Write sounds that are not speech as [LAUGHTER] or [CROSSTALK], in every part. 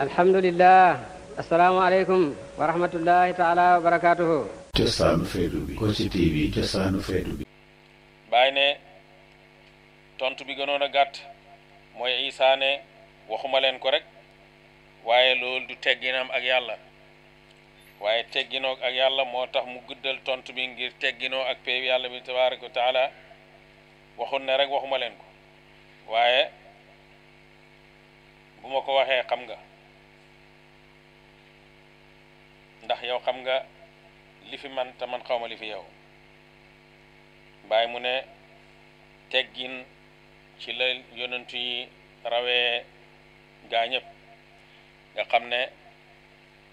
alhamdulilah asalaamaaleykum wa rahmatullahi taala wa barakaatuhu baay ne tontu bi gënoon a gàtt mooy Isaa waxuma leen ko rek waaye lool du tegginam ak yàlla waaye tegginoog ak yàlla moo tax mu guddal tontu bi ngir tegginoo ak pay yàlla bi tabaraka wa taala waxun ne rek waxuma leen ko waaye bu ma ko waxee xam nga ndax yow xam nga li fi man te man xawma li fi yow bàyyi mu ne teggin ci la yonantu yi rawee gaa ñëpp nga xam ne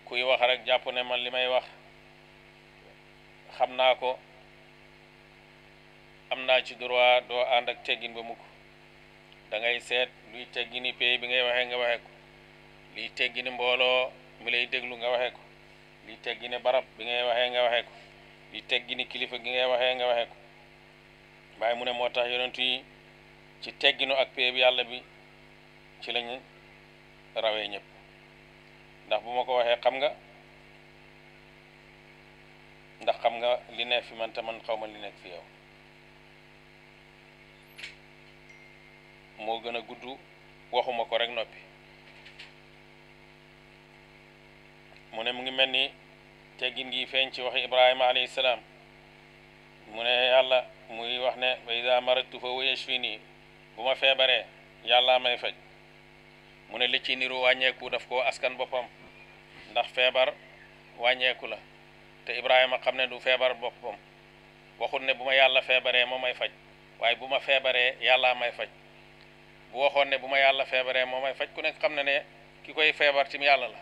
kuy wax rek jàpp ne man li may wax xam naa ko am naa ci droit doo ànd ak teggin ba mukk da seet luy teggini pay bi ngay waxee nga waxee ko luy teggini mbooloo mi lay déglu nga waxee ko li teggine barab bi ngay waxee nga waxee ko li teggine kilifa gi ngay waxee nga waxee ko waaye mu ne moo tax yonentu yi ci tegginu ak péeb yàlla bi ci lañu rawee ñépp ndax bu ma ko waxee xam nga ndax xam nga li nekk fi man te man xaw ma li nekk fi yow moo gën a gudd waxuma ko rek noppi mu ne mu ngi mel ni teggin gi feeñ ci wax ibrahima alayhi salaam mu ne yàlla muy wax ne wa ida maratu fa huwa yashfini bu ma feebaree yàlla may faj mu ne li ci niru wàññeeku daf ko askan boppam ndax feebar wàññeeku la te a xam ne du feebar boppam waxul ne bu ma yàlla feebaree moo may faj waaye bu ma feebaree yàlla may faj bu waxoon ne bu ma yàlla feebaree moo may faj ku nekk xam ne ne ki koy feebar tim yàlla la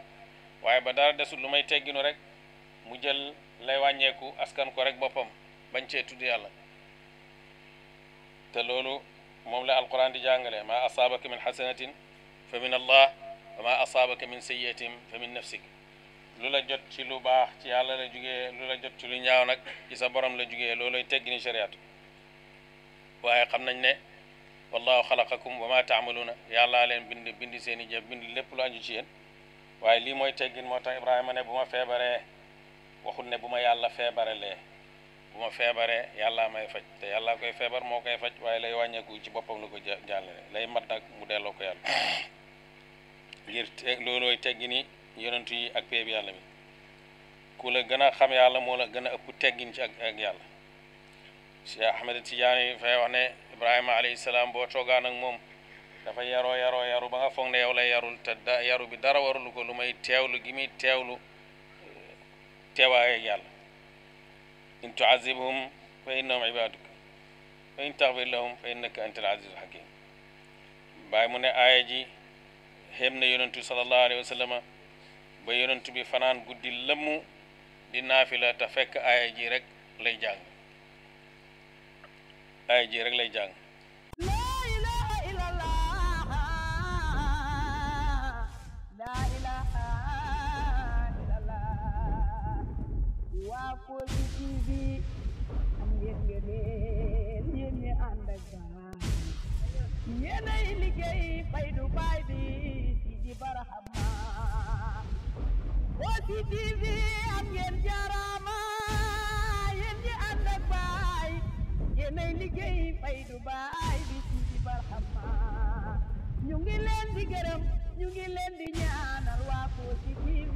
waaye ba dara desul lu may tegginu rek mu jël lay wàññeeku askan ko rek boppam bañ cee tudd yàlla te loolu moom la alquran di jàngale ma asaabaka min xasanatin fa min allah wa maa asaabaka min sayyiatin fa min nafsik lu la jot ci lu baax ci yàlla la jugee lu la jot ci lu ñaaw nag ci sa borom la jugee loolu teggi ni shariatu waaye xam nañ ne wallahu xalaqakum wa ma taamaluuna yàllaa leen bind bindi seeni i bindi bind lépp lu aju ci yéen waaye lii mooy teggin moo tax ibrahima ne bu ma feebaree waxut ne bu ma yàlla feebaralee bu ma feebaree yàlla may faj te yàllaa koy feebar moo koy faj waaye lay wàññeeku ci boppam la ko jàllale lay mat nag mu delloo ko yàlla [COUGHS] ngir loolooy teggi ni yonentu yi ak péeb yàlla bi ku la gën a xam yàlla moo la gën a ëpp teggin ci ak ak yàlla Cheikh Ahmed Tidiane fay wax ne Ibrahima alayhi salaam boo toogaan ak moom dafa yaroo yaroo yaru ba nga foog ne yow lay yarul te da yaru bi dara warulu ko lu may teewlu gi muy teewlu teewaay ak yàlla in tuazibhum fa innahum ibaduk fa in taxfir lahum fa innaka anta al azizul hakim bàyyi mu ne aaya ji xéem na yonentu sallallahu alayhi wa sallama ba yonentu bi fanaan guddi lamu di naafila te fekk aaya ji rek lay jàng aaya ji rek lay jàng yéenay liggéey fay du baay bi si ji barahama Kossy TV am ngeen jaarama yéen ñi ànd ak baay yéenay liggéey fay du baay bi si ji barahama ñu ngi leen di gërëm ñu ngi leen di ñaanal waa Kossy TV